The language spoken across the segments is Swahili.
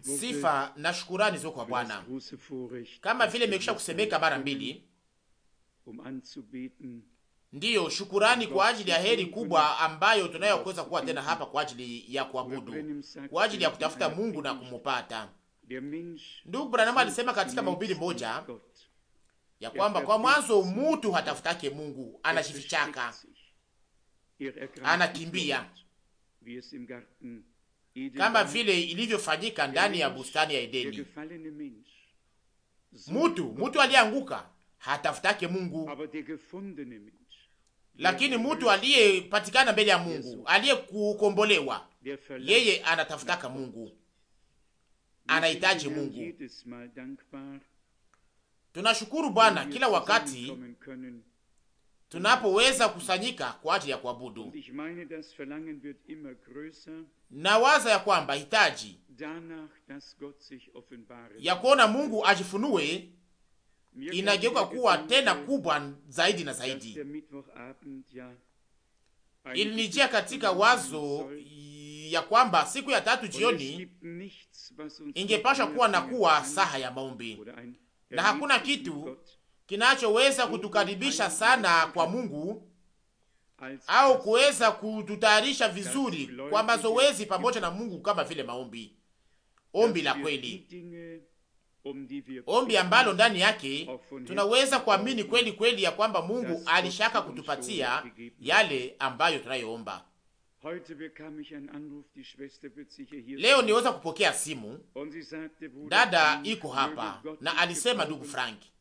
Sifa na shukurani ziko kwa Bwana, kama vile imekwisha kusemeka mara mbili. Um ndiyo, shukurani kwa ajili ya heri kubwa ambayo tunayokuweza kuwa tena hapa kwa ajili ya kuabudu, kwa ajili ya kutafuta Mungu na kumupata. Ndugu Branham alisema katika mahubiri moja ya er kwamba kwa mwanzo mutu hatafutake Mungu, er anajifichaka anakimbia kama vile ilivyofanyika er ndani ya bustani ya Edeni. Mutu mutu aliyeanguka hatafutake Mungu, lakini mutu aliyepatikana mbele ya Mungu, aliyekukombolewa, yeye anatafutaka Mungu, anahitaji Mungu. Tunashukuru Bwana kila wakati tunapoweza kusanyika kwa ajili ya kuabudu, na waza ya kwamba hitaji ya kuona Mungu ajifunue inageuka kuwa tena äh, kubwa zaidi na zaidi. Ilinijia katika wazo ya kwamba siku ya tatu jioni ingepashwa kuwa na kuwa saha ya maombi, na hakuna kitu kinachoweza kutukaribisha sana kwa Mungu au kuweza kututayarisha vizuri kwa mazoezi pamoja na Mungu, kama vile maombi, ombi la kweli, eh, ombi ambalo ndani yake tunaweza kuamini kweli kweli ya kwamba Mungu alishaka kutupatia yale ambayo tunayoomba. Leo niweza kupokea simu, dada iko hapa na alisema, ndugu Franki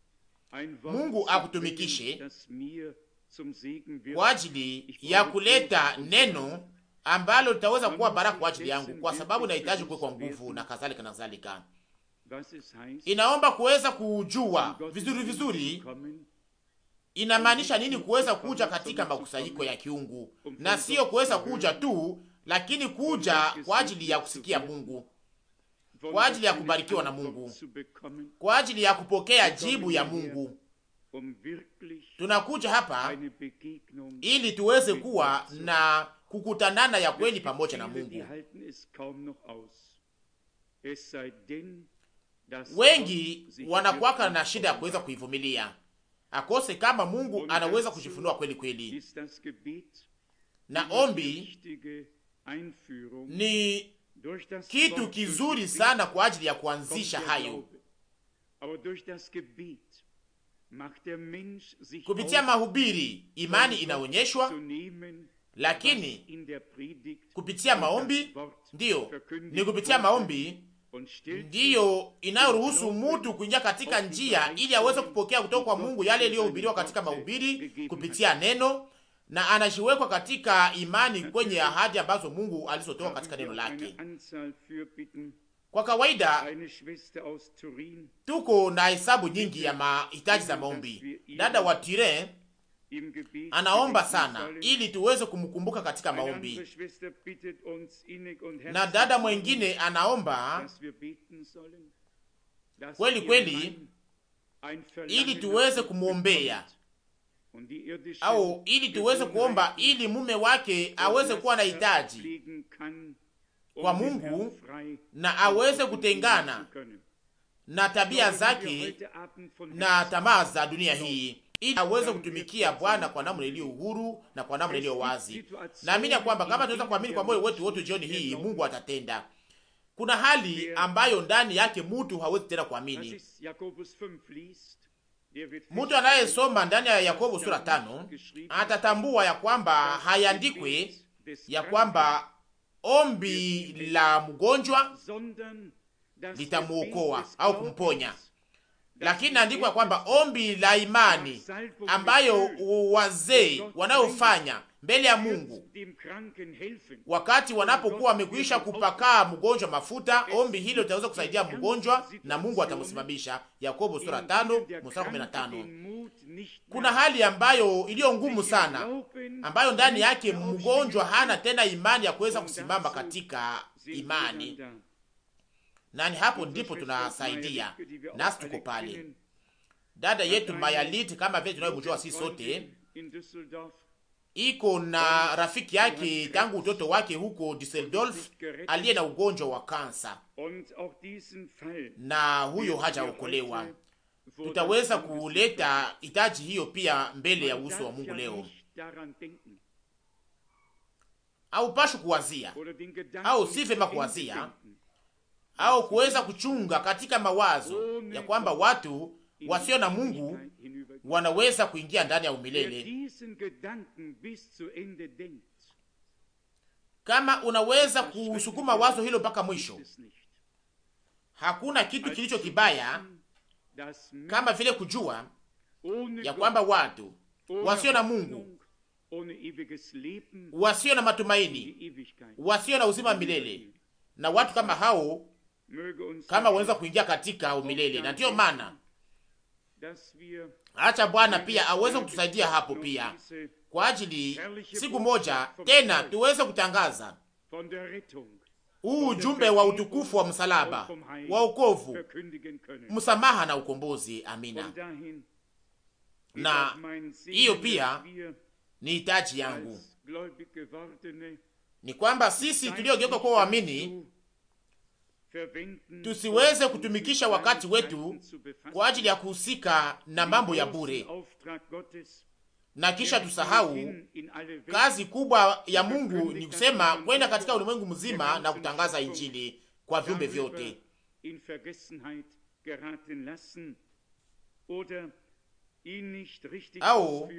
Mungu akutumikishe kwa ajili ya kuleta neno ambalo litaweza kuwa baraka kwa ajili yangu, kwa sababu nahitaji kuwekwa nguvu na kadhalika na kadhalika. Inaomba kuweza kujua vizuri vizuri inamaanisha nini kuweza kuja katika makusanyiko ya kiungu, na sio kuweza kuja tu, lakini kuja kwa ajili ya kusikia Mungu kwa ajili ya kubarikiwa na Mungu, kwa ajili ya kupokea jibu ya Mungu. Tunakuja hapa ili tuweze kuwa na kukutanana ya kweli pamoja na Mungu. Wengi wanakuwaka na shida ya kuweza kuivumilia akose kama Mungu anaweza kujifunua kweli kweli, na ombi ni kitu kizuri sana kwa ajili ya kuanzisha hayo. Kupitia mahubiri imani inaonyeshwa, lakini kupitia maombi, ndiyo ni kupitia maombi ndiyo inayoruhusu mutu kuingia katika njia ili aweze kupokea kutoka kwa Mungu yale yaliyohubiriwa katika mahubiri kupitia neno na anajiwekwa katika imani kwenye ahadi ambazo Mungu alizotoa katika neno lake. Kwa kawaida tuko na hesabu nyingi ya mahitaji za maombi. Dada wa Tire anaomba sana ili tuweze kumkumbuka katika maombi, na dada mwengine anaomba kweli kweli ili tuweze kumwombea au ili tuweze kuomba ili mume wake aweze kuwa na hitaji um kwa Mungu na aweze kutengana na tabia zake na tamaa za dunia hii ili aweze kutumikia Bwana kwa namna iliyo uhuru na kwa namna iliyo wazi. Naamini ya kwamba kama tunaweza kuamini kwa moyo wetu wote jioni hii, Mungu atatenda. Kuna hali ambayo ndani yake mtu hawezi tena kuamini Mtu anayesoma ndani ya Yakobo sura tano atatambua ya kwamba hayandikwe ya kwamba ombi la mgonjwa litamuokoa au kumponya, lakini naandikwa kwamba ombi la imani ambayo wazee wanayofanya mbele ya Mungu wakati wanapokuwa wamekwisha kupakaa mgonjwa mafuta. Ombi hilo litaweza kusaidia mgonjwa na Mungu atamsimamisha. Yakobo sura tano mstari kumi tano. Kuna hali ambayo iliyo ngumu sana, ambayo ndani yake mgonjwa hana tena imani ya kuweza kusimama katika imani, na ni hapo ndipo tunasaidia, nasi tuko pale. Dada yetu Mayaliti, kama vile tunayomjua sisi sote iko na rafiki yake tangu utoto wake huko Düsseldorf aliye na ugonjwa wa kansa, na huyo hajaokolewa. Tutaweza kuleta hitaji hiyo pia mbele ya uso wa Mungu leo. au pashu kuwazia au si vyema kuwazia au kuweza kuchunga katika mawazo ya kwamba watu wasio na Mungu wanaweza kuingia ndani ya umilele. Kama unaweza kusukuma wazo hilo mpaka mwisho, hakuna kitu kilicho kibaya kama vile kujua ya kwamba watu wasio na Mungu, wasio na matumaini, wasio na uzima milele, na watu kama hao kama wanaweza kuingia katika umilele, na ndiyo maana Acha Bwana pia aweze kutusaidia hapo pia, kwa ajili siku moja tena tuweze kutangaza huu ujumbe wa utukufu wa msalaba wa ukovu, msamaha na ukombozi. Amina. Na hiyo pia ni hitaji yangu, ni kwamba sisi tuliogeuka kuwa waamini tusiweze kutumikisha wakati wetu kwa ajili ya kuhusika na mambo ya bure na kisha tusahau kazi kubwa ya Mungu ni kusema kwenda katika ulimwengu mzima na kutangaza Injili kwa viumbe vyote. Au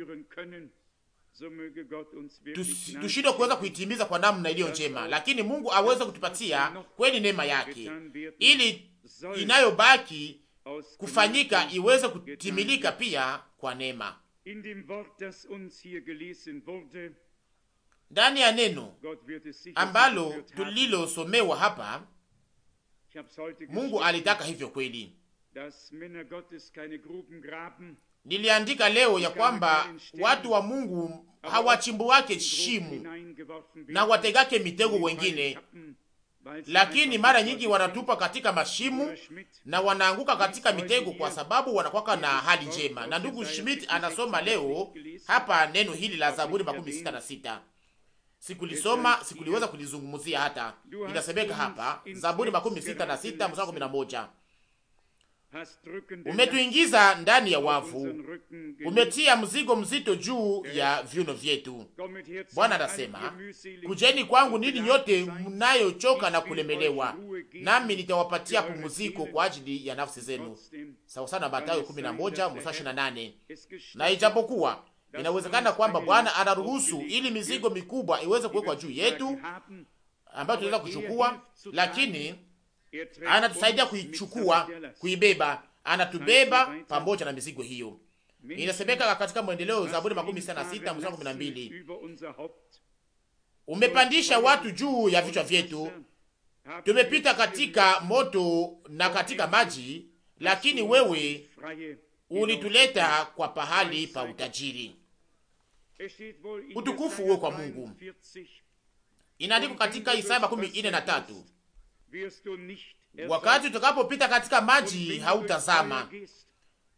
tushindwe kuweza kuitimiza kwa namna iliyo njema, lakini Mungu aweze kutupatia kweli neema yake ili inayobaki kufanyika iweze kutimilika pia kwa neema. Ndani ya neno ambalo tulilosomewa hapa, Mungu alitaka hivyo kweli Niliandika leo ya kwamba watu wa Mungu hawachimbuwake shimu na wategake mitego wengine, lakini mara nyingi wanatupa katika mashimu na wanaanguka katika mitego, kwa sababu wanakwaka na hali njema. Na ndugu Schmidt anasoma leo hapa neno hili la Zaburi makumi sita na sita. Sikulisoma, sikuliweza kulizungumzia hata. Inasemeka hapa Zaburi makumi sita na sita mstari kumi na moja Umetuingiza ndani ya wavu, umetia mzigo mzito juu ya eh, viuno vyetu. Bwana anasema, kujeni kwangu nini nyote mnayochoka na kulemelewa, nami nitawapatia pumziko kwa ajili ya nafsi zenu, sawa sana. Mathayo Na ijapokuwa inawezekana kwamba Bwana anaruhusu ili mizigo mikubwa iweze kuwekwa juu yetu ambayo tunaweza er kuchukua, lakini anatusaidia kuichukua, kuibeba, anatubeba pamoja na mizigo hiyo. Inasemeka katika mwendeleo Zaburi makumi sita na sita mstari kumi na mbili umepandisha watu juu ya vichwa vyetu, tumepita katika moto na katika maji, lakini wewe ulituleta kwa pahali pa utajiri. Utukufu uwe kwa Mungu. Inaandikwa katika Isaya makumi ine na tatu Wakati utakapopita katika maji hautazama,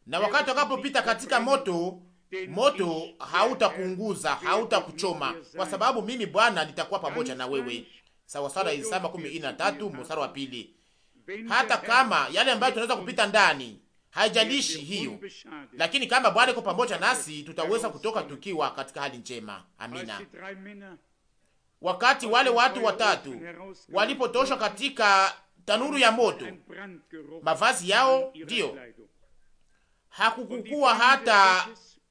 na wakati utakapopita katika moto moto hautakuunguza, hautakuchoma, kwa sababu mimi Bwana nitakuwa pamoja na wewe. Sawasawa Isaya na tatu mstari wa pili. Hata kama yale ambayo tunaweza kupita ndani, haijalishi hiyo, lakini kama Bwana iko pamoja nasi, tutaweza kutoka tukiwa katika hali njema. Amina wakati wale watu watatu walipotoshwa katika tanuru ya moto, mavazi yao ndiyo, hakukukuwa hata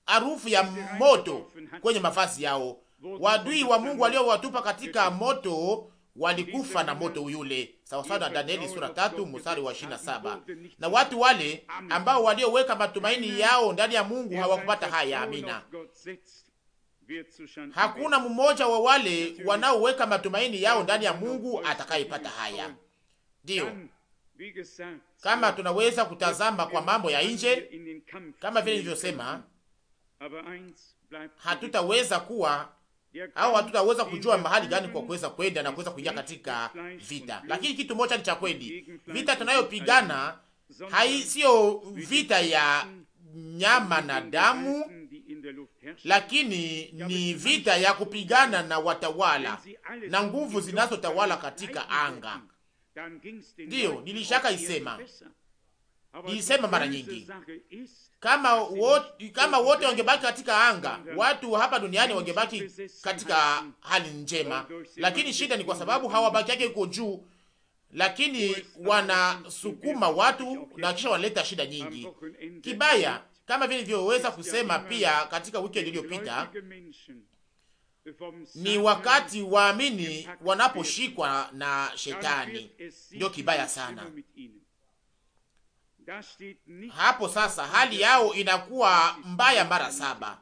harufu ya moto kwenye mavazi yao. Wadui wa Mungu waliowatupa katika moto walikufa na moto yule, sawasawa na Danieli sura tatu mstari wa ishirini na saba. Na watu wale ambao walioweka matumaini yao ndani ya Mungu hawakupata haya. Amina. Hakuna mmoja wa wale wanaoweka matumaini yao ndani ya Mungu atakayepata haya. Ndiyo, kama tunaweza kutazama kwa mambo ya nje, kama vile nilivyosema, hatutaweza kuwa au hatutaweza kujua mahali gani kwa kuweza kwenda na kuweza kuingia katika vita, lakini kitu moja ni cha kweli, vita tunayopigana hai sio vita ya nyama na damu lakini ni vita ya kupigana na watawala na nguvu zinazotawala katika anga. Ndiyo nilishaka isema niisema mara nyingi, kama wote kama wote wangebaki katika anga, watu hapa duniani wangebaki katika hali njema, lakini shida ni kwa sababu hawabaki yake uko juu lakini wanasukuma watu na kisha wanaleta shida nyingi kibaya kama vile nilivyoweza kusema pia katika wikendi iliyopita, um, ni wakati waamini wanaposhikwa na shetani, ndio kibaya sana hapo. Sasa hali yao inakuwa mbaya mara saba.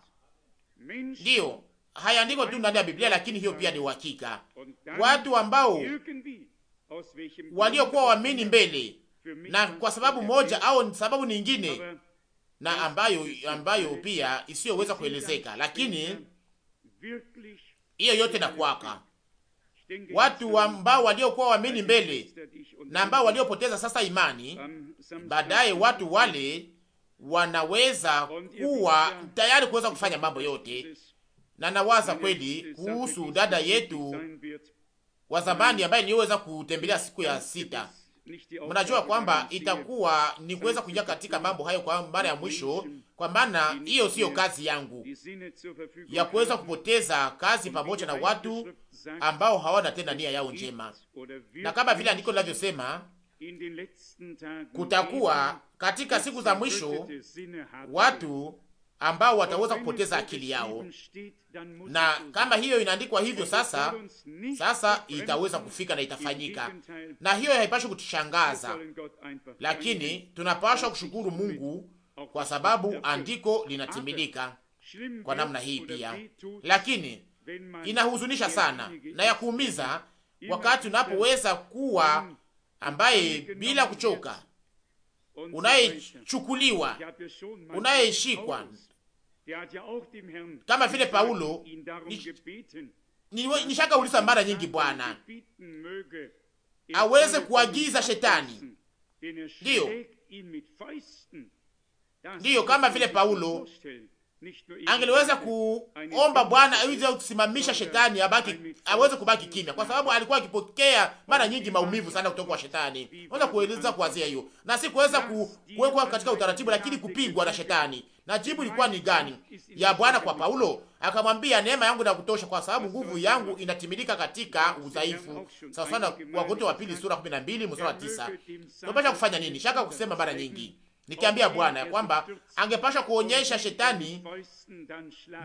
Ndiyo hayaandikwa tu ndani ya Biblia, lakini hiyo pia ni uhakika. Watu ambao waliokuwa waamini mbele na kwa sababu moja au sababu nyingine na ambayo ambayo pia isiyoweza kuelezeka, lakini hiyo yote na kuwaka watu ambao waliokuwa waamini mbele na ambao waliopoteza sasa imani um, baadaye, watu wale wanaweza kuwa tayari kuweza kufanya mambo yote, na nawaza kweli kuhusu dada yetu wa zamani ambaye niweza kutembelea siku ya sita mnajua kwamba itakuwa ni kuweza kuingia katika mambo hayo kwa mara ya mwisho, kwa maana hiyo siyo kazi yangu ya kuweza kupoteza kazi pamoja na watu ambao hawana tena nia yao njema, na kama vile andiko linavyosema kutakuwa katika siku za mwisho watu ambao wataweza kupoteza akili yao, na kama hiyo inaandikwa hivyo sasa, sasa itaweza kufika na itafanyika, na hiyo haipashi kutushangaza, lakini tunapaswa kushukuru Mungu kwa sababu andiko linatimilika kwa namna hii pia. Lakini inahuzunisha sana na ya kuumiza wakati unapoweza kuwa ambaye bila kuchoka unayechukuliwa unayeshikwa kama vile Paulo nishaka uliza mara nyingi Bwana er aweze kuagiza shetani, ndiyo er ndiyo, er kama vile Paulo angeliweza kuomba Bwana aweze kusimamisha shetani abaki, aweze kubaki kimya, kwa sababu alikuwa akipokea mara nyingi maumivu sana kutoka kwa shetani. Unaweza kueleza kuanzia hiyo na si kuweza kuwekwa katika utaratibu, lakini kupigwa na shetani. Na jibu ilikuwa ni gani ya Bwana kwa Paulo? Akamwambia, neema yangu na kutosha, kwa sababu nguvu yangu inatimilika katika udhaifu. Sawa sana, Wakorintho wa pili sura 12 mstari wa 9. Tunapaswa kufanya nini? Shaka kusema mara nyingi nikiambia Bwana ya kwamba angepasha kuonyesha shetani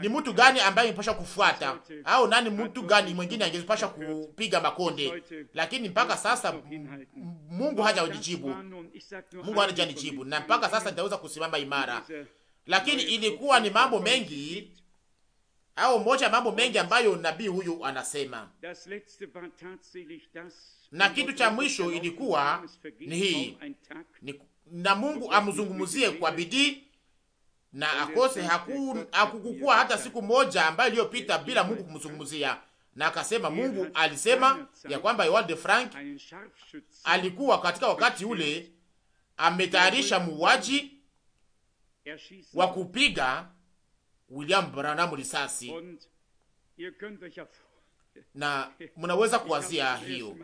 ni mtu gani ambaye amepasha kufuata au nani mtu gani mwingine angepasha kupiga makonde, lakini mpaka sasa Mungu hajanijibu, Mungu hajanijibu, na mpaka sasa nitaweza kusimama imara, lakini ilikuwa ni mambo mengi au moja ya mambo mengi ambayo nabii huyu anasema, na kitu cha mwisho ilikuwa ni hii ni na Mungu amzungumzie kwa bidii na akose haku, hakukukua hata siku moja ambayo iliyopita bila Mungu kumzungumzia. Na akasema Mungu alisema ya kwamba Ewald de Frank alikuwa katika wakati ule ametayarisha muuaji wa kupiga William Branham risasi, na mnaweza kuwazia hiyo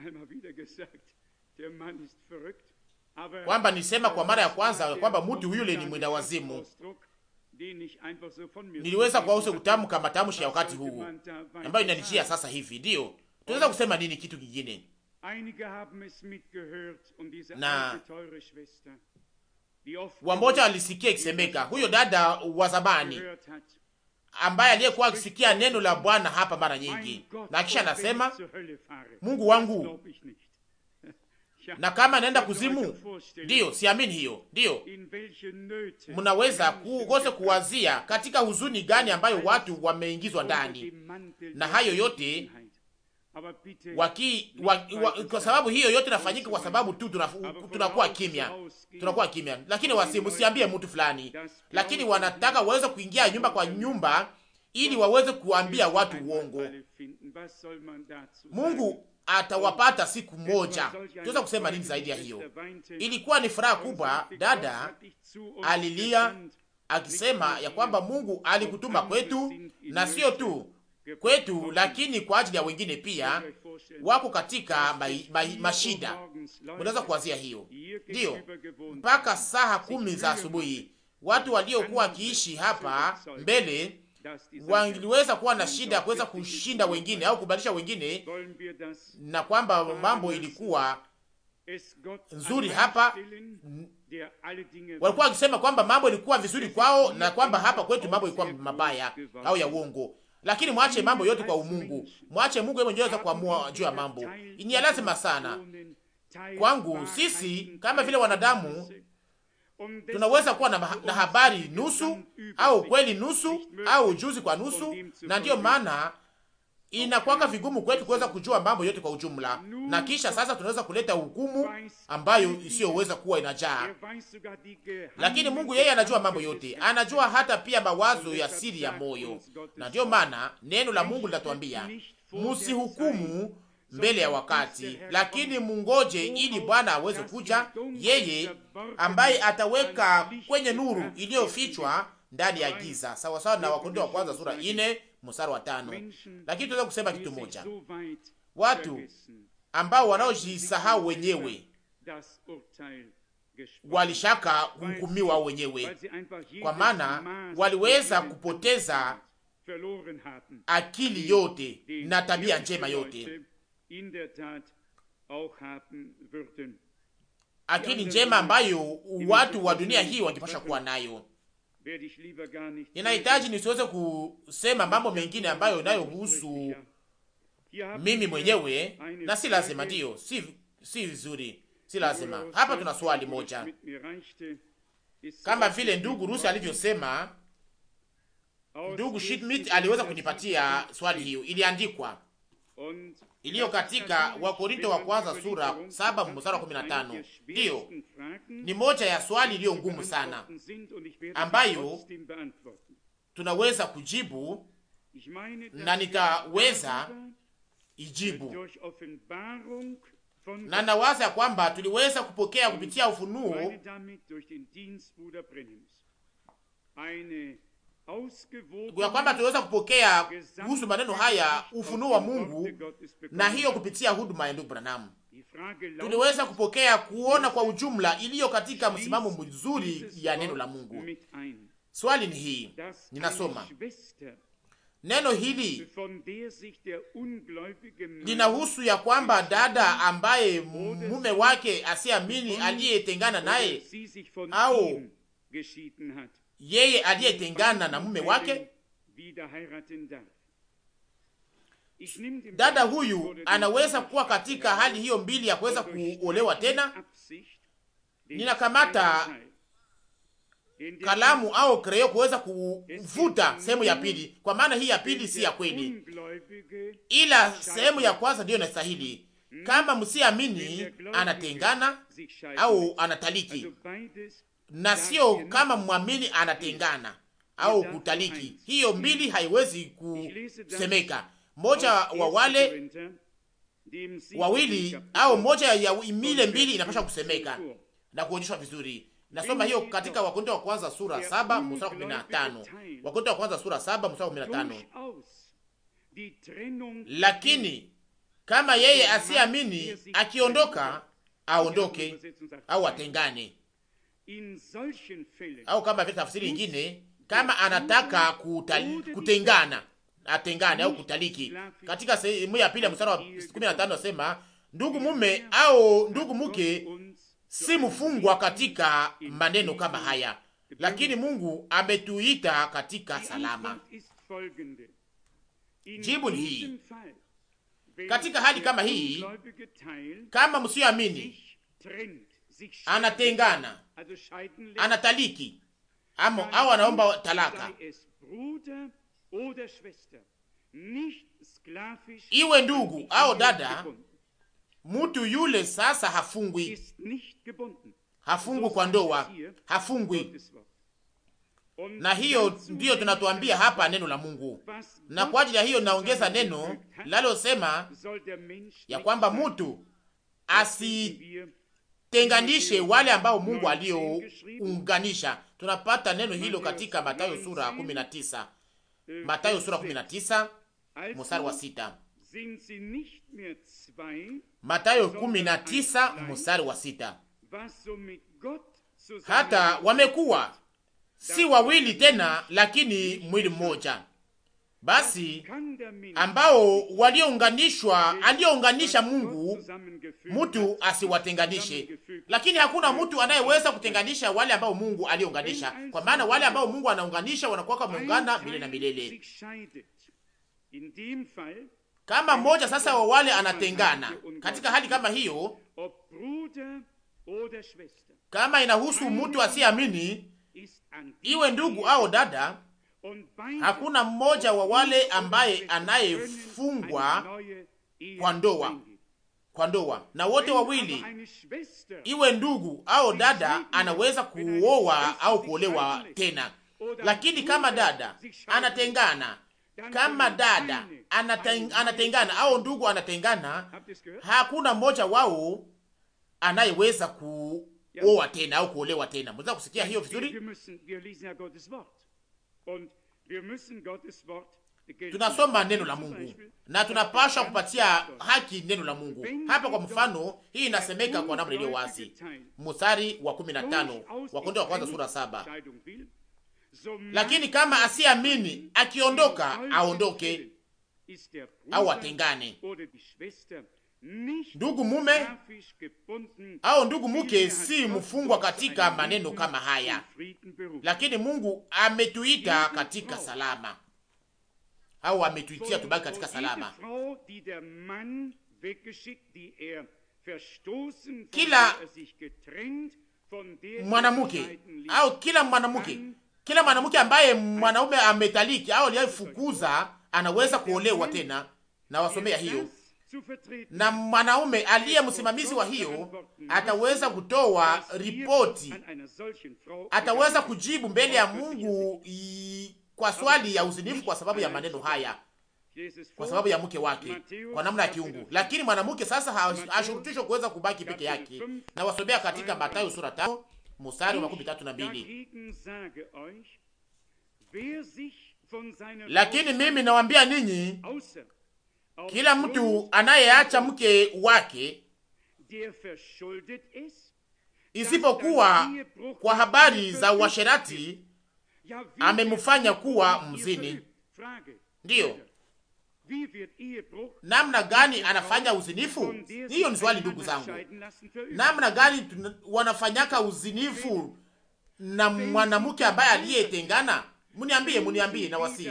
kwamba nisema kwa mara ya kwanza kwamba mtu yule ni mwenda wazimu. Niliweza kwause kutamka matamshi ya wakati huu ambayo inanijia sasa hivi. Ndiyo, tunaweza kusema nini kitu kingine na wamoja alisikia ikisemeka, huyo dada wa zamani ambaye aliyekuwa akisikia neno la Bwana hapa mara nyingi, na kisha anasema Mungu wangu, na kama naenda kuzimu, ndiyo, siamini hiyo. Ndiyo, mnaweza kukose kuwazia katika huzuni gani ambayo watu wameingizwa ndani na hayo yote waki, kwa sababu hiyo yote nafanyika kwa sababu tu tunakuwa kimya, tunakuwa kimya, lakini wasimusiambie mtu fulani, lakini wanataka waweze kuingia nyumba kwa nyumba ili waweze kuambia watu uongo. Mungu atawapata siku moja. Tunaweza kusema nini zaidi ya hiyo? Ilikuwa ni furaha kubwa, dada alilia akisema ya kwamba Mungu alikutuma kwetu, na sio tu kwetu, lakini kwa ajili ya wengine pia wako katika mashida. Unaweza kuwazia hiyo, ndiyo mpaka saa kumi za asubuhi watu waliokuwa wakiishi hapa mbele wangiliweza kuwa na shida ya kuweza kushinda wengine au kubadilisha wengine, na kwamba mambo ilikuwa nzuri hapa. Walikuwa wakisema kwamba mambo ilikuwa vizuri kwao na kwamba hapa kwetu mambo ilikuwa mabaya au ya uongo. Lakini mwache mambo yote kwa umungu mwache Mungu yeye mwenyewe kuamua juu ya mambo. Ni lazima sana kwangu sisi kama vile wanadamu tunaweza kuwa na, na habari nusu au kweli nusu au ujuzi kwa nusu, na ndiyo maana inakuwaka vigumu kwetu kuweza kujua mambo yote kwa ujumla, na kisha sasa tunaweza kuleta hukumu ambayo isiyoweza kuwa inajaa. Lakini Mungu yeye anajua mambo yote, anajua hata pia mawazo ya siri ya moyo, na ndiyo maana neno la Mungu linatuambia musihukumu mbele ya wakati, lakini mungoje ili Bwana aweze kuja, yeye ambaye ataweka kwenye nuru iliyofichwa ndani ya giza, sawasawa na Wakorintho wa kwanza sura ine mstari wa tano. Lakini tunaweza kusema kitu moja, watu ambao wanaojisahau wenyewe walishaka hukumiwa wenyewe, kwa maana waliweza kupoteza akili yote na tabia njema yote akili njema ambayo watu wa dunia hii wangepasha kuwa nayo. Ninahitaji nisiweze kusema mambo mengine ambayo inayohusu mimi mwenyewe, na si lazima, ndiyo, si vizuri, si lazima. Hapa tuna swali moja, kama vile ndugu Rusi alivyosema. Ndugu Schmidt aliweza kunipatia swali hiyo, iliandikwa iliyo katika Wakorinto wa kwanza sura saba mstari wa tano. Hiyo ni moja ya swali iliyo ngumu sana ambayo tunaweza kujibu na nitaweza ijibu, na nawaza kwamba tuliweza kupokea kupitia ufunuo ya kwamba tuliweza kupokea kuhusu maneno haya ufunuo wa Mungu, na hiyo kupitia huduma ya ndugu Branham tuliweza kupokea kuona kwa ujumla iliyo katika msimamo mzuri ya neno la Mungu. Swali ni hii, ninasoma neno hili linahusu ya kwamba dada ambaye mume wake asiamini aliyetengana naye au yeye aliyetengana na mume wake. Dada huyu anaweza kuwa katika hali hiyo mbili ya kuweza kuolewa tena. Ninakamata kalamu au kreo kuweza kuvuta sehemu ya pili, kwa maana hii ya pili si ya kweli, ila sehemu ya kwanza ndiyo inastahili. Kama msiamini, anatengana au anataliki na sio kama mwamini anatengana au kutaliki. Hiyo mbili haiwezi kusemeka. moja wa wale wawili au moja ya mile mbili inapasha kusemeka na kuonyeshwa vizuri. Nasoma hiyo katika Wakorintho wa kwanza sura saba mstari kumi na tano. Wakorintho wa kwanza sura saba mstari kumi na tano. Lakini kama yeye asiamini akiondoka, aondoke au atengane au kama vile tafsiri nyingine, kama anataka kutali, kutengana atengane au kutaliki. Katika sehemu ya pili ya mstari wa 15 anasema ndugu mume au ndugu mke si mfungwa katika maneno kama haya, lakini Mungu ametuita katika salama. Jibu ni hii. Katika hali kama hii, kama msioamini anatengana anataliki ama au anaomba talaka, iwe ndugu au dada, mtu yule sasa hafungwi, hafungwi kwa ndoa, hafungwi na hiyo ndiyo tunatuambia hapa neno la Mungu, na kwa ajili ya hiyo naongeza neno lalosema ya kwamba mtu asi tenganishe wale ambao Mungu aliounganisha. Tunapata neno hilo katika Mathayo sura 19, Mathayo sura 19 mstari wa sita. Mathayo 19 mstari wa sita. Hata wamekuwa si wawili tena, lakini mwili mmoja basi ambao waliounganishwa, aliyounganisha Mungu mtu asiwatenganishe. Lakini hakuna mtu anayeweza kutenganisha wale ambao Mungu aliyounganisha kwa maana wale ambao Mungu anaunganisha wanakuwa wameungana milele na milele. Kama mmoja sasa wa wale anatengana, katika hali kama hiyo, kama inahusu mtu asiyeamini, iwe ndugu au dada Hakuna mmoja wa wale ambaye anayefungwa kwa ndoa kwa ndoa, na wote wawili, iwe ndugu au dada, anaweza kuoa au kuolewa tena. Lakini kama dada anatengana, kama dada anateng, anatengana au ndugu anatengana, hakuna mmoja wao anayeweza kuoa tena au kuolewa tena. Mweza kusikia hiyo vizuri? tunasoma neno la Mungu na tunapasha kupatia haki neno la Mungu. Hapa kwa mfano hii inasemeka kwa namna iliyo wazi, mstari wa 15 Wakorintho wa kwanza sura saba: lakini kama asiamini akiondoka, aondoke au atengane Ndugu mume au ndugu mke si mfungwa katika maneno kama haya, lakini Mungu ametuita katika salama, au ametuitia tubaki katika salama. Er kila er er mwanamke au kila mwanamke, kila mwanamke ambaye mwanaume ametaliki au aliyefukuza anaweza kuolewa tena, na wasomea hiyo na mwanaume aliye msimamizi wa hiyo ataweza kutoa ripoti, ataweza kujibu mbele ya Mungu kwa swali ya uzinifu, kwa sababu ya maneno haya, kwa sababu ya mke wake, kwa namna ya kiungu. Lakini mwanamke sasa hashurutishwe kuweza kubaki peke yake. Na katika Mathayo sura tano mstari wa makumi tatu na mbili lakini mimi nawaambia ninyi kila mtu anayeacha mke wake isipokuwa kwa habari za uasherati amemfanya kuwa mzini. Ndiyo, namna gani anafanya uzinifu? Hiyo ni swali, ndugu zangu. Namna gani wanafanyaka uzinifu na mwanamke ambaye aliyetengana? Muniambie, muniambie na wasi.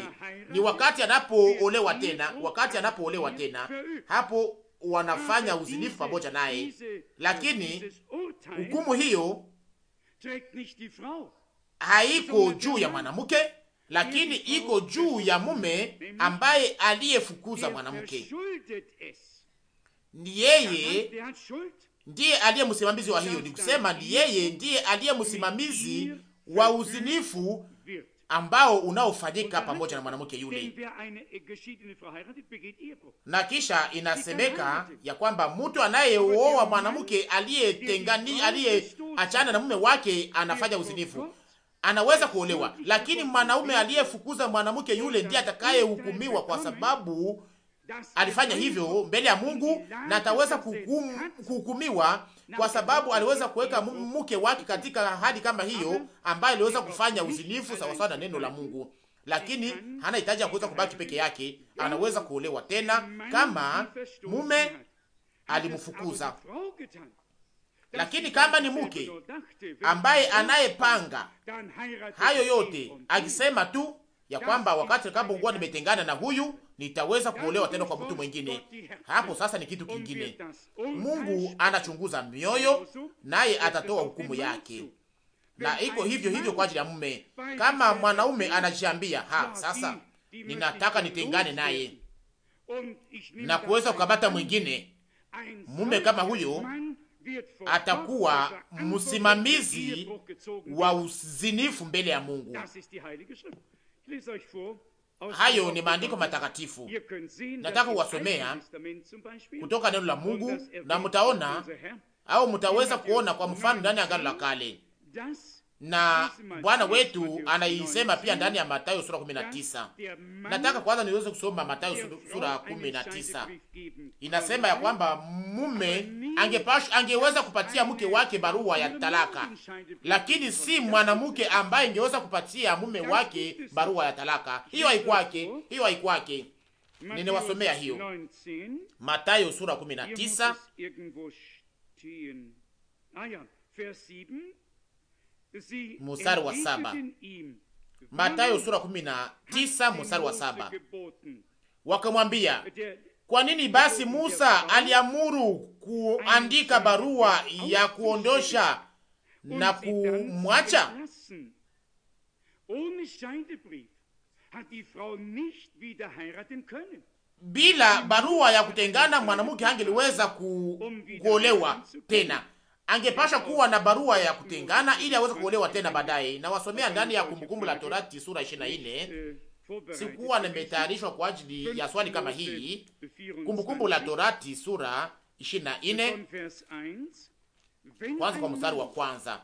ni wakati anapoolewa tena, wakati anapoolewa tena, hapo wanafanya uzinifu pamoja naye, lakini hukumu hiyo haiko juu ya mwanamke, lakini iko juu ya mume ambaye aliyefukuza mwanamke. Ni yeye ndiye aliye msimamizi wa hiyo, ni kusema ni yeye ndiye aliye msimamizi wa uzinifu ambao unaofanyika pamoja na mwanamke yule. Na kisha inasemeka ya kwamba mtu anayeoa mwanamke aliyetengani aliyeachana na mume wake anafanya uzinifu, anaweza kuolewa, lakini mwanaume aliyefukuza mwanamke yule ndiye atakayehukumiwa kwa sababu alifanya hivyo mbele ya Mungu na ataweza kuhukumiwa kwa sababu aliweza kuweka mke wake katika hali kama hiyo, ambaye aliweza kufanya uzinifu sawasawa na neno la Mungu, lakini hana hitaji ya kuweza kubaki peke yake. Anaweza kuolewa tena kama mume alimfukuza lakini kama ni mke ambaye anayepanga hayo yote akisema tu ya kwamba wakati kabongua nimetengana na huyu nitaweza kuolewa tena kwa mtu mwingine. Hapo sasa ni kitu kingine. Mungu anachunguza mioyo, naye atatoa hukumu yake, na iko hivyo hivyo kwa ajili ya mume. Kama mwanaume anajiambia ha, sasa ninataka nitengane naye na kuweza kukamata mwingine, mume kama huyo atakuwa msimamizi wa uzinifu mbele ya Mungu. Hayo ni maandiko matakatifu, nataka kuwasomea kutoka neno la Mungu, na mtaona eh? au mtaweza kuona kwa mfano ndani ya Agano la Kale na Bwana wetu anaisema pia ndani ya Mathayo sura 19. Nataka kwanza niweze kusoma Mathayo sura 19. Inasema ya kwamba mume angepash, angeweza kupatia mke wake barua ya talaka, lakini si mwanamke ambaye ingeweza kupatia mume wake barua ya talaka. Hiyo haikwake, hiyo haikwake. Ninawasomea hiyo Mathayo sura 19 wa saba. Matayo sura kumi na tisa mstari wa saba. Wakamwambia, kwa nini basi Musa aliamuru kuandika barua ya kuondosha na kumwacha? Bila barua ya kutengana mwanamke hangeliweza kuolewa tena angepasha kuwa na barua ya kutengana ili aweze kuolewa tena baadaye. Na wasomea ndani ya Kumbukumbu la Torati sura 24. Sikuwa nimetayarishwa kwa ajili ya swali kama hii. Kumbukumbu la Torati sura 24 kwanza kwa mstari wa kwanza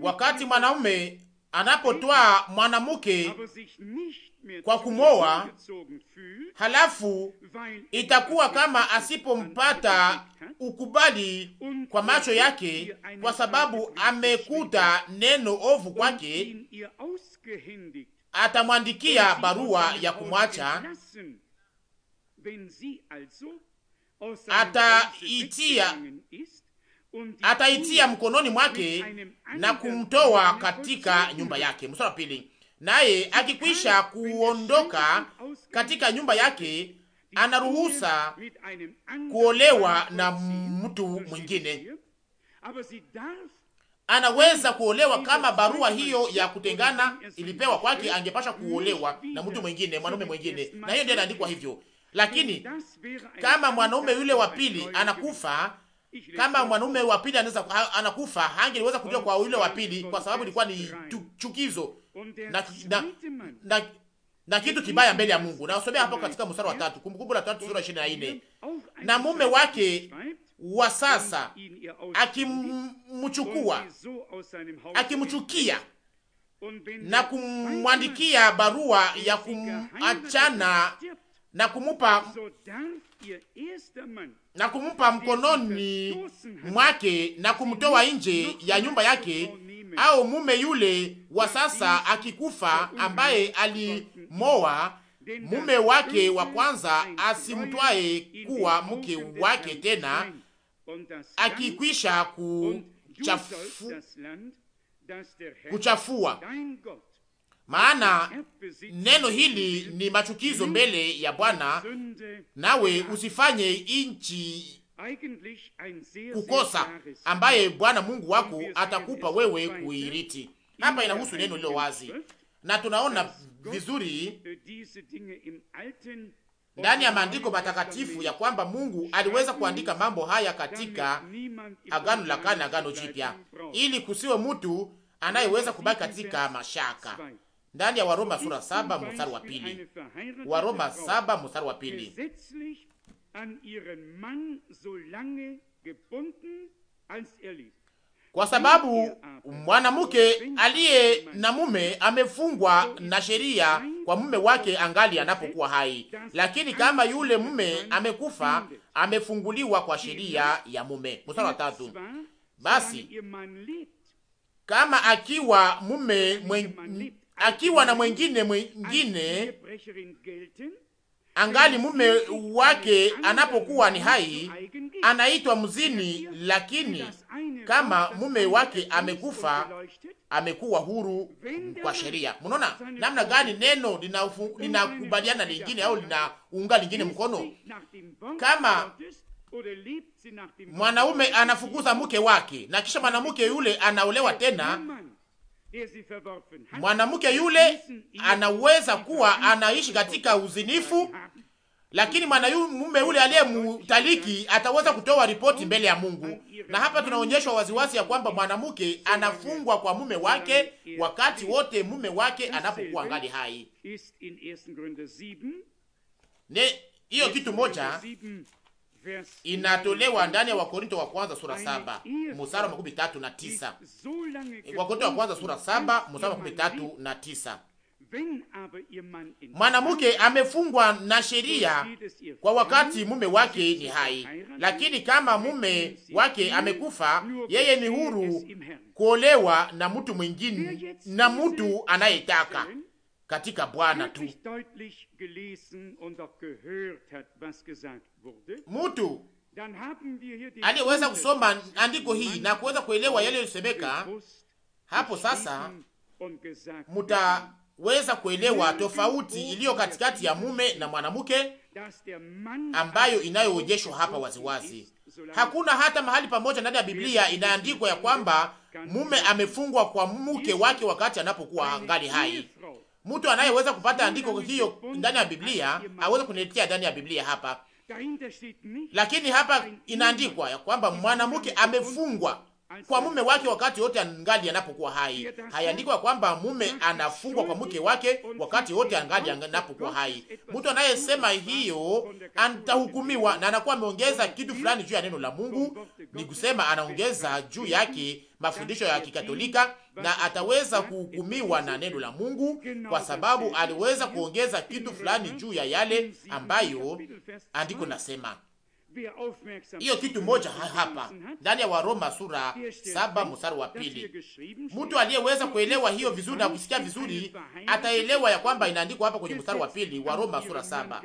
wakati mwanaume anapotwaa mwanamke kwa kumoa, halafu er itakuwa kama asipompata ukubali kwa er macho yake, kwa sababu amekuta neno ovu kwake, atamwandikia barua ya kumwacha, ataitia ataitia mkononi mwake na kumtoa katika nyumba yake. Mstari wa pili, naye akikwisha kuondoka katika nyumba yake anaruhusa kuolewa na mtu mwingine. Anaweza kuolewa kama barua hiyo ya kutengana ilipewa kwake, angepasha kuolewa na mtu mwingine, mwanaume mwingine, na hiyo ndio inaandikwa hivyo. Lakini kama mwanaume yule wa pili anakufa kama mwanaume wa pili anaweza anakufa, hangeliweza kujua kwa yule wa pili, kwa sababu ilikuwa ni chukizo na, na, na, na kitu kibaya mbele ya Mungu. Nasomea hapo katika mstari wa tatu, Kumbukumbu la tatu sura ishirini na nne na mume wake wa sasa akimchukua akimchukia na kumwandikia barua ya kumachana na kumupa na kumpa mkononi mwake na kumtoa nje ya nyumba yake, au mume yule wa sasa akikufa, ambaye alimoa mume wake wa kwanza, asimtwae kuwa mke wake tena, akikwisha kuchafu, kuchafua maana neno hili ni machukizo mbele ya Bwana, nawe usifanye nchi kukosa ambaye Bwana Mungu wako atakupa wewe kuiriti. Hapa inahusu neno lilo wazi, na tunaona vizuri ndani ya maandiko matakatifu ya kwamba Mungu aliweza kuandika mambo haya katika Agano la Kale na Agano Jipya, ili kusiwe mtu anayeweza kubaki katika mashaka ndani ya Waroma sura saba mstari wa pili. Waroma saba mstari wa pili. Kwa sababu er mwanamke aliye na mume amefungwa na sheria kwa mume wake angali anapokuwa hai, lakini kama yule mume amekufa, amefunguliwa kwa sheria ya mume. Mstari wa tatu. Basi yaani, kama akiwa mume yaani, mwen akiwa na mwengine mwengine angali mume wake anapokuwa ni hai anaitwa mzini, lakini kama mume wake amekufa amekuwa huru kwa sheria. Mnaona namna gani neno linakubaliana lingine au linaunga lingine mkono? Kama mwanaume anafukuza mke wake na kisha mwanamke yule anaolewa tena Mwanamke yule anaweza kuwa anaishi katika uzinifu, lakini mwanamume yule aliyemutaliki ataweza kutoa ripoti mbele ya Mungu. Na hapa tunaonyeshwa waziwazi ya kwamba mwanamke anafungwa kwa mume wake wakati wote mume wake anapokuwa ngali hai. Ne hiyo kitu moja inatolewa ndani ya Wakorinto wa kwanza sura saba mstari wa makumi tatu na tisa. Wakorinto wa kwanza sura saba mstari wa makumi tatu na tisa. Mwanamke amefungwa na sheria kwa wakati mume wake ni hai, lakini kama mume wake amekufa, yeye ni huru kuolewa na mtu mwingine, na mtu anayetaka katika Bwana tu. Mutu aliyeweza kusoma andiko hii na kuweza kuelewa yale yaliyosemeka hapo, sasa mutaweza kuelewa tofauti iliyo katikati ya mume na mwanamke ambayo inayoonyeshwa hapa waziwazi. Hakuna hata mahali pamoja ndani ya Biblia inaandikwa ya kwamba mume amefungwa kwa mke wake wakati anapokuwa angali hai mtu anayeweza kupata andiko hiyo ndani ya Biblia aweze kuniletea ndani ya Biblia hapa, lakini hapa inaandikwa ya kwamba mwanamke amefungwa kwa mume wake wakati wote angali anapokuwa hai. ya kwamba mume anafungwa kwa mke wake wakati wote angali anapokuwa hai. Mtu anayesema hiyo atahukumiwa, na anakuwa ameongeza kitu fulani juu ya neno la Mungu, ni kusema anaongeza juu yake mafundisho ya Kikatolika, na ataweza kuhukumiwa na neno la Mungu kwa sababu aliweza kuongeza kitu fulani juu ya yale ambayo andiko nasema hiyo kitu moja hapa ndani ya Waroma sura saba mstari wa pili. Mtu aliyeweza kuelewa hiyo vizuri na kusikia vizuri ataelewa ya kwamba inaandikwa hapa kwenye mstari wa pili wa Roma sura saba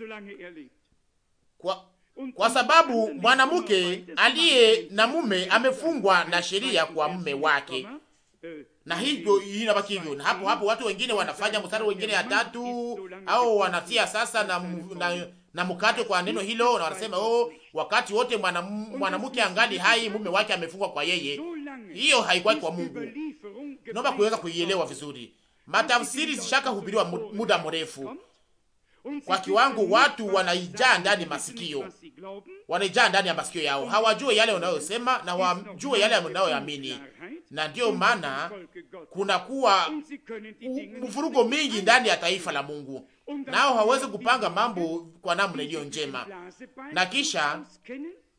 er kwa, kwa sababu mwanamke aliye na mume amefungwa na sheria kwa mume wake äh, na hivyo inabaki hivyo, na hapo hapo watu wengine wanafanya mstari wengine ya tatu au wanatia sasa na, na na mkate kwa neno hilo, na wanasema oh, wakati wote mwanamke angali hai, mume wake amefungwa kwa yeye. Hiyo haikuwa kwa Mungu. Naomba kuweza kuielewa vizuri. Matafsiri zishaka hubiriwa muda mrefu kwa kiwango watu wanaijaa ndani masikio, wanaijaa ndani ya masikio yao, hawajue yale wanayosema na wajue yale wanayoamini, na ndiyo maana kunakuwa mvurugo mingi ndani ya taifa la Mungu nao hawezi kupanga mambo kwa namna iliyo njema. Na kisha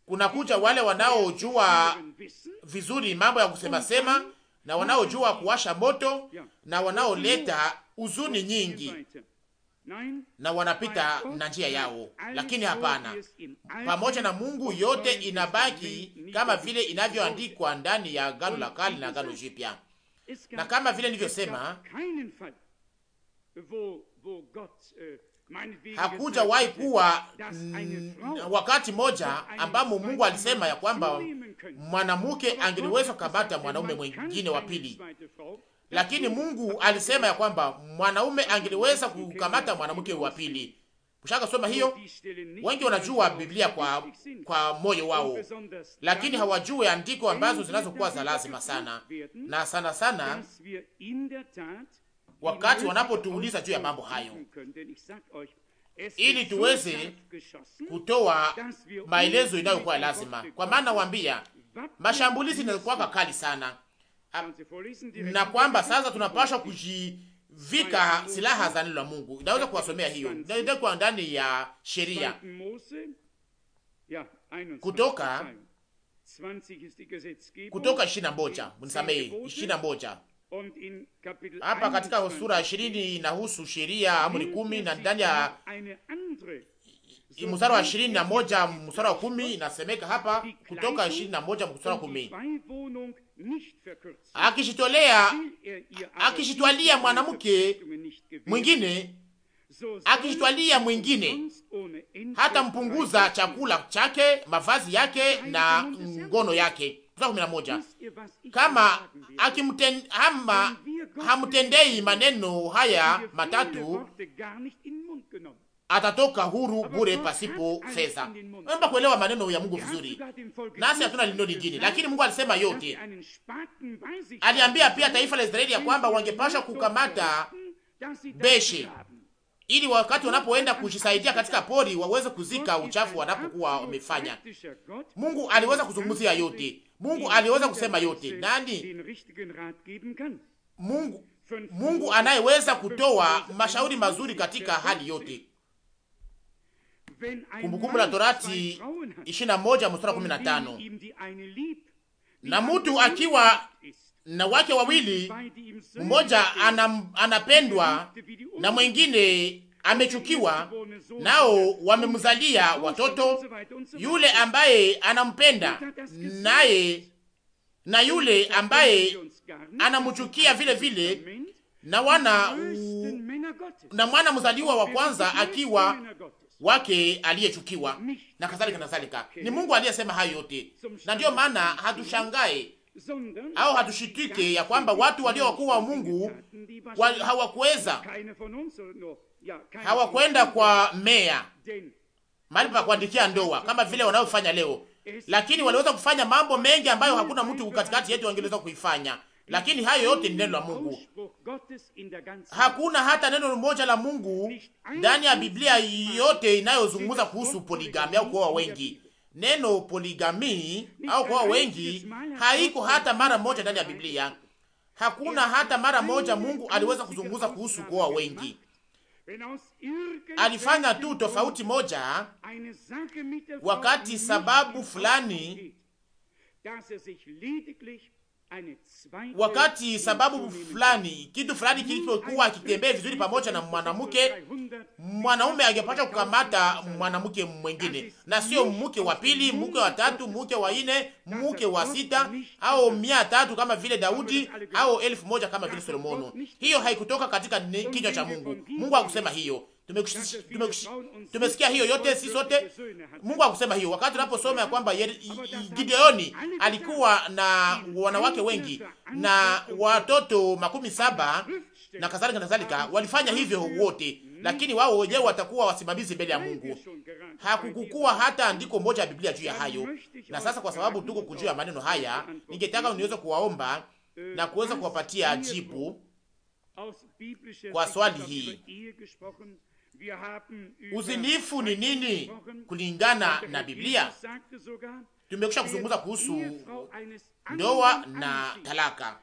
kuna kuja wale wanaojua vizuri mambo ya kusema sema na wanaojua kuwasha moto na wanaoleta huzuni nyingi na wanapita na njia yao, lakini hapana, pamoja na Mungu yote inabaki kama vile inavyoandikwa ndani ya Agano la Kale na Agano Jipya, na kama vile nilivyosema Uh, hakuja wahi kuwa wakati moja ambamo Mungu alisema ya kwamba mwanamke angeliweza kukamata mwanaume mwingine wa pili, lakini Mungu alisema ya kwamba mwanaume angeliweza kukamata mwanamke wa pili. Mshaka soma hiyo. Wengi wanajua Biblia kwa, kwa moyo wao, lakini hawajui andiko ambazo zinazokuwa za lazima sana na sana sana wakati wanapotuuliza juu ya mambo hayo, ili tuweze kutoa maelezo inayokuwa lazima. Kwa maana wambia mashambulizi inakuwa kali sana, na kwamba sasa tunapaswa kujivika silaha za neno la Mungu. Inaweza kuwasomea hiyo, inaweza ndani ya sheria Kutoka kutoka ishirini na moja, mnisamehe, ishirini na moja hapa katika sura ishirini inahusu sheria amri kumi na ndani ya mstari wa ishirini na moja mstari wa kumi inasemeka hapa, Kutoka ishirini na moja mstari wa kumi akishitolea er akishitwalia mwanamke mwingine akishitwalia mwingine hata mpunguza chakula chake, mavazi yake na ngono yake mstari kumi na moja kama akimten, ama hamtendei maneno haya matatu atatoka huru bure pasipo fedha. Naomba kuelewa maneno ya Mungu er vizuri, nasi hatuna lindo lingine, lakini Mungu alisema yote. Aliambia pia taifa la Israeli ya kwamba wangepasha kukamata beshe ili wakati wanapoenda kujisaidia katika pori waweze kuzika uchafu wanapokuwa wamefanya. Mungu aliweza kuzungumzia yote Mungu aliweza kusema yote. Nani? Mungu, Mungu anayeweza kutoa mashauri mazuri katika hali yote. Kumbukumbu la Torati 21 mstari 15. Na mtu akiwa na wake wawili, mmoja anapendwa na mwingine amechukiwa, nao wamemzalia watoto. Yule ambaye anampenda naye na yule ambaye anamchukia vile vile, na wana na mwana mzaliwa wa kwanza akiwa wake aliyechukiwa, na kadhalika na kadhalika. Ni Mungu aliyesema hayo yote, na ndiyo maana hatushangae au hatushikike ya kwamba watu waliokuwa wa Mungu hawakuweza hawakwenda kwa meya, mahali pa kuandikia ndoa kama vile wanayofanya leo, lakini waliweza kufanya mambo mengi ambayo hakuna mtu katikati yetu angeweza kuifanya. Lakini hayo yote ni neno la Mungu. Hakuna hata neno moja la Mungu ndani ya Biblia yote inayozungumza kuhusu poligami au kuoa wengi. Neno poligami au kuoa wengi haiko hata mara moja ndani ya Biblia. Hakuna hata mara moja Mungu aliweza kuzungumza kuhusu kuoa wengi alifanya tu tofauti moja, wakati sababu fulani wakati sababu fulani kitu fulani kilichokuwa kitembee vizuri pamoja na mwanamke, mwanaume angepata kukamata mwanamke mwengine, na sio mke wa pili, mke wa tatu, mke wa nne, mke wa sita au mia tatu kama vile Daudi au elfu moja kama vile Solomono. Hiyo haikutoka katika kinywa cha Mungu. Mungu hakusema hiyo. Tumesikia hiyo yote, si sote? Mungu akusema hiyo wakati tunaposoma ya kwamba Gideoni alikuwa na wanawake wengi na watoto makumi saba na kadhalika na kadhalika, walifanya hivyo wote, lakini wao wenyewe watakuwa wasimamizi mbele ya Mungu. hakukukua hata andiko moja ya Biblia juu ya hayo. Na sasa kwa sababu tuko kujua maneno haya, ningetaka niweze kuwaomba uh, na kuweza kuwapatia jibu kwa swali hii Uzinifu ni nini kulingana na Biblia? Tumekwisha kuzungumza kuhusu ndoa na talaka,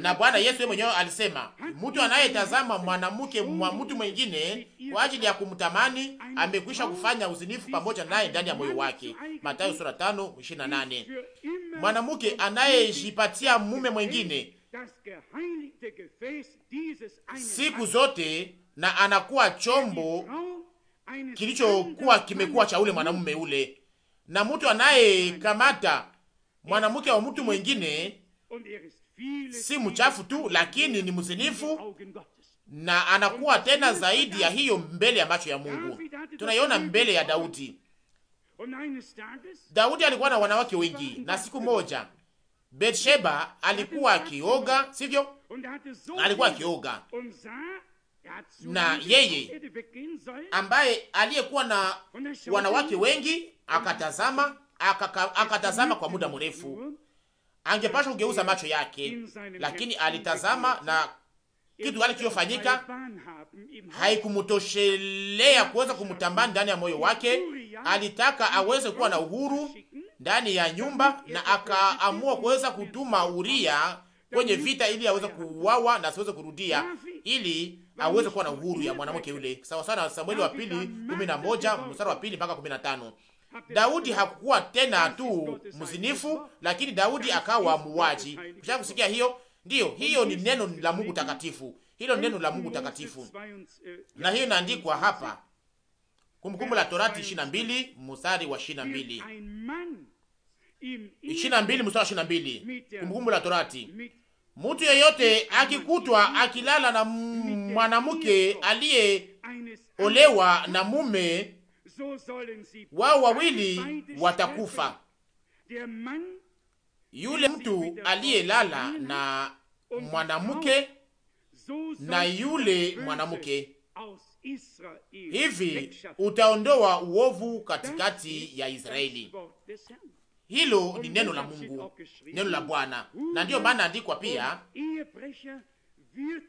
na Bwana Yesu yeye mwenyewe alisema, mtu anayetazama mwanamke mwa mtu mwingine kwa ajili ya kumtamani amekwisha kufanya uzinifu pamoja naye ndani ya moyo wake, Mathayo sura 5:28. Mwanamke anayejipatia mume mwingine siku zote na anakuwa chombo kilichokuwa kimekuwa cha ule mwanamume ule, na mtu anayekamata mwanamke wa mtu mwengine si mchafu tu, lakini ni mzinifu na anakuwa tena zaidi ya hiyo mbele ya macho ya Mungu. Tunaiona mbele ya Daudi. Daudi alikuwa na wanawake wengi, na siku moja Betsheba alikuwa akioga, sivyo? Alikuwa akioga na yeye ambaye aliyekuwa na wanawake wengi akatazama akatazama kwa muda mrefu, angepasha kugeuza macho yake, lakini alitazama na kitu gani kilichofanyika haikumtoshelea kuweza kumtambani ndani ya moyo wake. Alitaka aweze kuwa na uhuru ndani ya nyumba, na akaamua kuweza kutuma Uria kwenye vita ili aweze kuuawa na asiweze kurudia ili aweze kuwa na uhuru ya mwanamke yule, sawa sawa na Samueli wa pili kumi na moja mstari wa pili mpaka kumi na tano. Daudi hakukuwa tena tu mzinifu, lakini Daudi akawa muwaji. Kisha kusikia hiyo, ndiyo hiyo ni neno la Mungu takatifu, hilo neno la Mungu takatifu, na hiyo inaandikwa hapa Kumbukumbu la Torati 22 mstari wa 22, 22 mstari wa 22, Kumbukumbu la Torati Mtu yeyote akikutwa akilala na mwanamke aliyeolewa na mume wao wawili watakufa. Yule mtu aliyelala na mwanamke na yule mwanamke, hivi utaondoa uovu katikati ya Israeli. Hilo ni neno la Mungu, neno la Bwana, na ndiyo maana andikwa pia,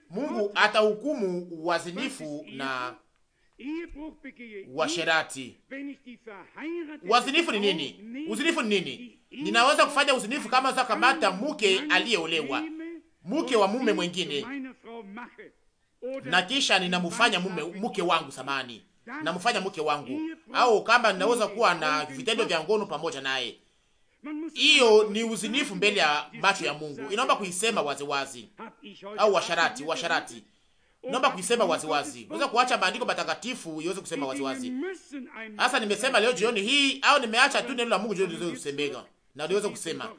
Mungu atahukumu wazinifu na washerati. Wazinifu ni nini? Uzinifu ni nini? Ninaweza kufanya uzinifu kama za kamata mke aliyeolewa, mke wa mume mwengine, na kisha ninamufanya mume mke wangu samani, namufanya mke wangu, au kama ninaweza kuwa na vitendo vya ngono pamoja naye hiyo ni uzinifu mbele ya macho ya Mungu. Inaomba kuisema waziwazi wazi. Au washarati, washarati. Naomba kuisema waziwazi. Unaweza kuacha maandiko matakatifu iweze kusema waziwazi. Sasa nimesema leo jioni hii au nimeacha tu neno la Mungu jioni liweze kusemeka. Na liweze kusema.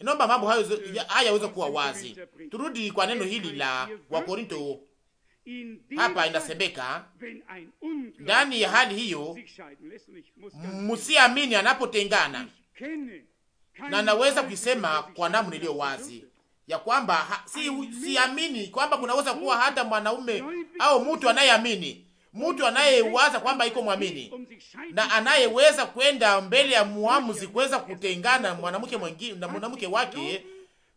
Inaomba mambo hayo haya yaweze kuwa wazi. Turudi kwa neno hili la Wakorinto hapa inasemeka ndani ya hali hiyo, msiamini anapotengana na naweza kuisema kwa namna iliyo wazi ya kwamba ha, si siamini kwamba kunaweza kuwa hata mwanaume au mtu anayeamini, mtu anayewaza kwamba iko mwamini na anayeweza kwenda mbele ya muamuzi kuweza kutengana mwanamke mwingine na mwanamke wake,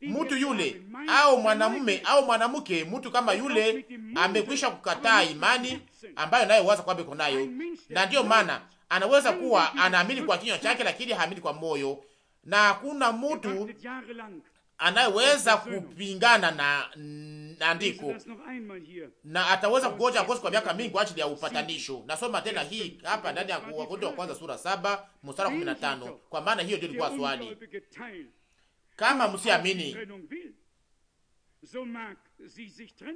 mtu yule au mwanamume au mwanamke, mtu kama yule amekwisha kukataa imani ambayo anayewaza kwamba iko nayo, na ndiyo maana anaweza kuwa anaamini kwa kinywa chake, lakini haamini kwa moyo na hakuna mtu anayeweza kupingana na, andiko na ataweza kugoja agosi kwa miaka mingi kwa ajili ya upatanisho. Nasoma tena hii hapa ndani ya Wakorintho wa kwanza sura saba mstari wa kumi na tano kwa maana hiyo ndio ilikuwa swali, kama msiamini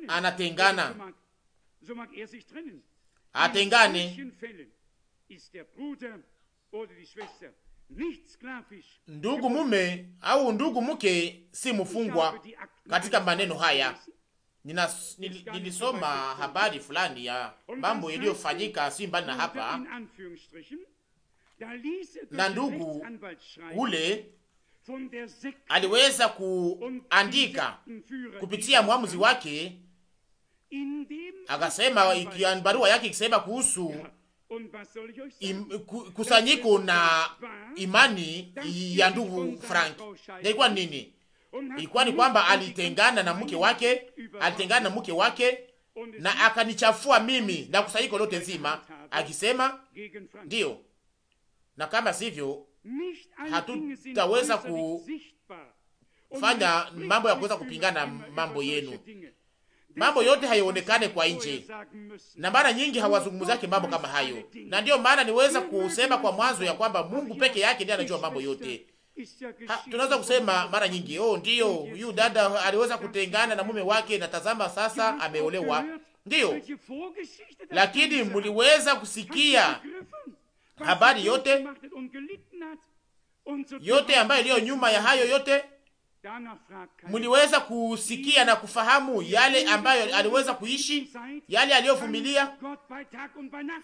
anatengana er atengane Ndugu mume au ndugu mke si mfungwa katika maneno haya. Nina, nilisoma habari fulani ya mambo yaliyofanyika si mbali na hapa, er na ndugu ule aliweza kuandika kupitia mwamuzi wake, akasema barua yake ikisema kuhusu im, kusanyiko na imani ya ndugu Frank ilikuwa nini? Ilikuwa ni kwamba alitengana na mke wake, alitengana na mke wake na akanichafua mimi na kusanyiko lote nzima, akisema ndiyo, na kama sivyo hatutaweza kufanya mambo ya kuweza kupingana mambo yenu mambo yote hayoonekane kwa nje, na mara nyingi hawazungumzake mambo kama hayo, na ndiyo maana niweza kusema kwa mwanzo ya kwamba Mungu peke yake ndiye anajua mambo yote. Ha, tunaweza kusema mara nyingi oh, ndiyo huyu dada aliweza kutengana na mume wake na tazama sasa ameolewa, ndiyo. Lakini mliweza kusikia habari yote yote ambayo iliyo nyuma ya hayo yote mliweza kusikia na kufahamu yale ambayo aliweza kuishi, yale aliyovumilia,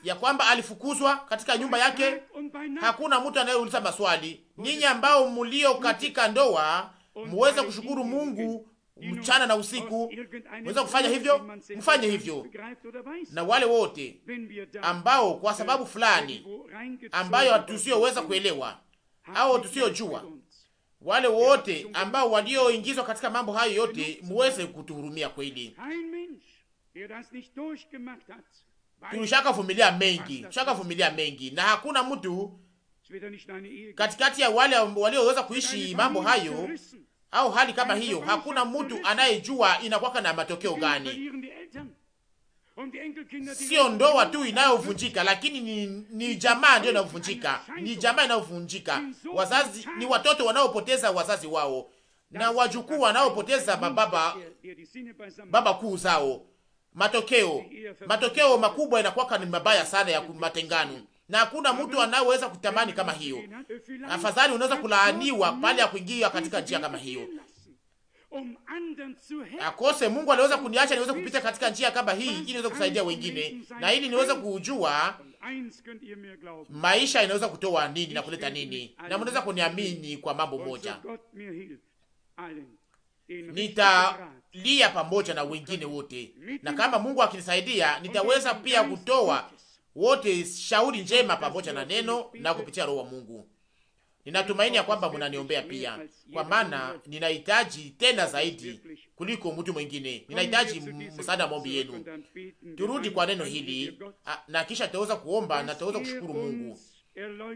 ya kwamba alifukuzwa katika nyumba yake. Hakuna mtu anayeuliza maswali. Ninyi ambao mlio katika ndoa, muweze kushukuru Mungu mchana na usiku. Mweza kufanya hivyo, mfanye hivyo. Na wale wote ambao kwa sababu fulani ambayo tusiyoweza kuelewa au tusiyojua wale wote ambao walioingizwa katika mambo hayo yote, muweze kutuhurumia kweli. Tulishaka vumilia mengi, tushaka vumilia mengi, na hakuna mtu katikati ya wale walioweza kuishi mambo hayo au hali kama hiyo, hakuna mtu anayejua inakwaka na matokeo gani sio ndoa tu inayovunjika, lakini ni, ni jamaa ndio inayovunjika, ni jamaa inayovunjika. Wazazi ni watoto wanaopoteza wazazi wao na wajukuu wanaopoteza mababa baba kuu zao. Matokeo matokeo makubwa inakuwa ni mabaya sana ya matengano, na hakuna mtu anayeweza kutamani kama hiyo. Afadhali unaweza kulaaniwa pale ya kuingia katika njia kama hiyo, Um akose Mungu aliweza um kuniacha niweze kupita katika njia kama hii ili niweze kusaidia wengine na ili niweze kujua maisha inaweza kutoa nini na kuleta nini, na mnaweza kuniamini kwa mambo moja. Nitalia pamoja na wengine wote, na kama Mungu akinisaidia, nitaweza pia kutoa wote shauri njema pamoja na neno na kupitia Roho wa Mungu. Ninatumaini ya kwamba mnaniombea pia, kwa maana ninahitaji tena zaidi kuliko mtu mwingine, ninahitaji msaada wa maombi yenu. Turudi kwa neno hili ah, na kisha tutaweza kuomba na tutaweza kushukuru Mungu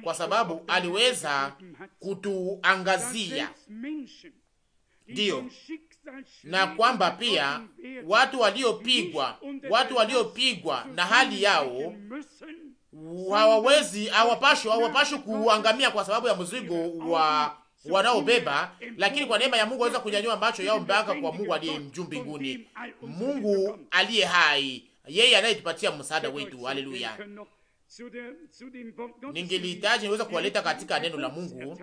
kwa sababu aliweza kutuangazia, ndiyo, na kwamba pia watu waliopigwa, watu waliopigwa na hali yao hawawezi hawapashwi hawapashwi kuangamia kwa sababu ya mzigo wa wanaobeba, lakini kwa neema ya Mungu waweza kunyanyua macho yao mpaka kwa Mungu aliye juu mbinguni, Mungu aliye hai, yeye anayetupatia msaada wetu. Haleluya! Ningelihitaji niweza kuwaleta katika neno la Mungu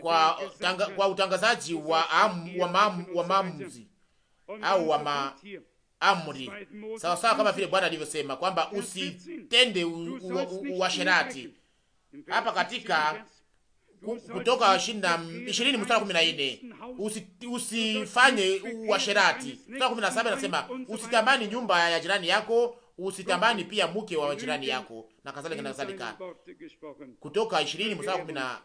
kwa, tanga, kwa utangazaji wa, am, wa, mam, wa maamuzi au wa ma, amri, sawa sawa kama vile Bwana alivyosema kwamba usitende uasherati. Hapa katika Kutoka ishirini mstari kumi na nne usifanye uasherati. Mstari kumi na saba inasema usitamani nyumba ya jirani yako, usitamani pia mke wa jirani yako, na kadhalika na kadhalika. Kutoka ishirini mstari kumi na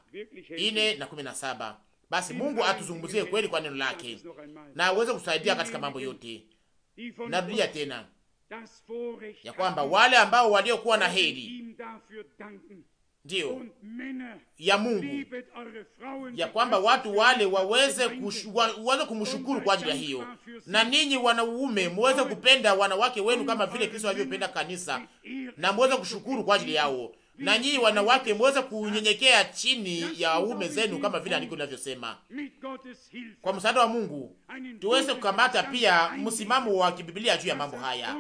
nne na kumi na saba. Basi Mungu atuzungumzie kweli kwa neno lake na aweze kusaidia katika mambo yote na tena ya kwamba wale ambao waliokuwa na heri ndiyo ya Mungu, ya kwamba watu wale waweze waweze kumshukuru kwa ajili ya hiyo. Na ninyi wanaume muweze kupenda wanawake wenu kama vile Kristo alivyopenda kanisa, na muweze kushukuru kwa ajili yao na nyinyi wanawake mweze kunyenyekea chini ya ume zenu, kama vile andiko linavyosema. Kwa msaada wa Mungu tuweze kukamata pia msimamo wa kibiblia juu ya mambo haya,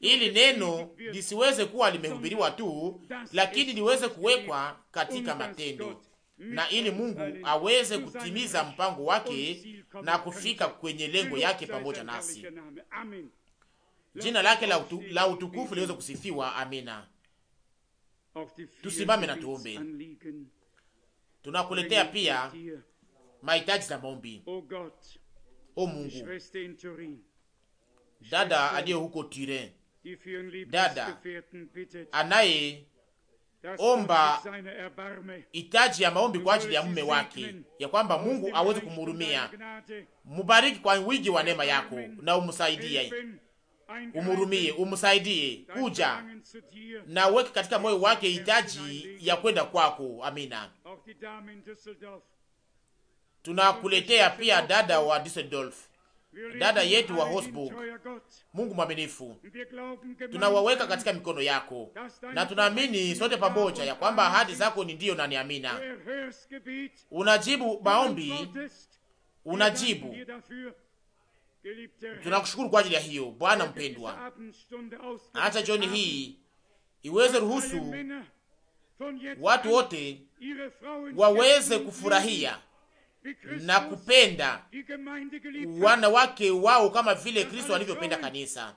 ili neno lisiweze kuwa limehubiriwa tu, lakini liweze kuwekwa katika matendo, na ili Mungu aweze kutimiza mpango wake na kufika kwenye lengo yake pamoja nasi. Jina lake la utukufu liweze kusifiwa. Amina. Tusimame na tuombe. Tunakuletea pia mahitaji za maombi. O Mungu, dada aliye huko Turin, dada anaye omba hitaji ya maombi kwa ajili ya mume wake, ya kwamba Mungu aweze kumhurumia. Mubariki kwa wingi wa neema yako na umsaidie umurumie, umsaidie, kuja na uweke katika moyo wake hitaji ya kwenda kwako. Amina. Tunakuletea pia dada wa Düsseldorf, dada yetu wa Hosburg. Mungu mwaminifu, tunawaweka katika mikono yako na tunaamini sote pamoja ya kwamba ahadi zako ni ndiyo na ni amina. Unajibu maombi, unajibu Tunakushukuru kwa ajili ya hiyo Bwana mpendwa, acha jioni hii iweze ruhusu watu wote waweze kufurahia na kupenda wanawake wao kama vile Kristo alivyopenda kanisa.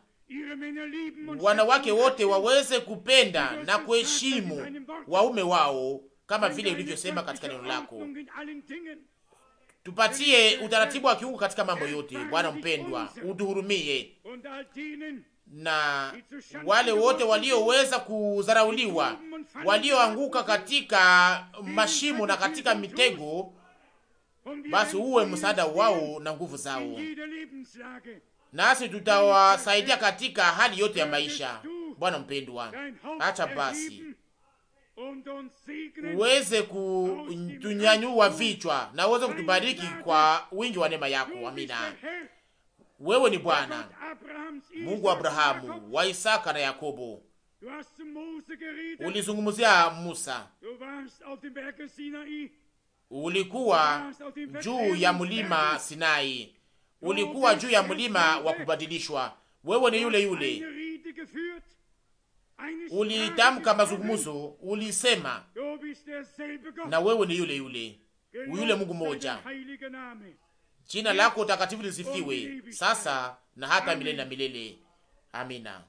Wanawake wote waweze kupenda na kuheshimu waume wao kama vile ulivyosema katika neno lako tupatie utaratibu wa kiungu katika mambo yote. Bwana mpendwa, utuhurumie na wale wote walioweza kudharauliwa, walioanguka katika mashimo na katika mitego, basi uwe msaada wao na nguvu zao, nasi tutawasaidia katika hali yote ya maisha. Bwana mpendwa, acha basi uweze kutunyanyua vichwa na uweze kutubariki kwa wingi wa neema yako. Amina. Wewe ni Bwana Mungu wa Abrahamu, wa Isaka na Yakobo. Ulizungumzia Musa, ulikuwa juu ya mlima Sinai, ulikuwa juu ya mlima wa kubadilishwa. Wewe ni yule yule ulitamka mazungumzo, ulisema, na wewe ni yule yule yule Mungu mmoja, jina lako takatifu lisifiwe sasa na hata milele na milele. Amina.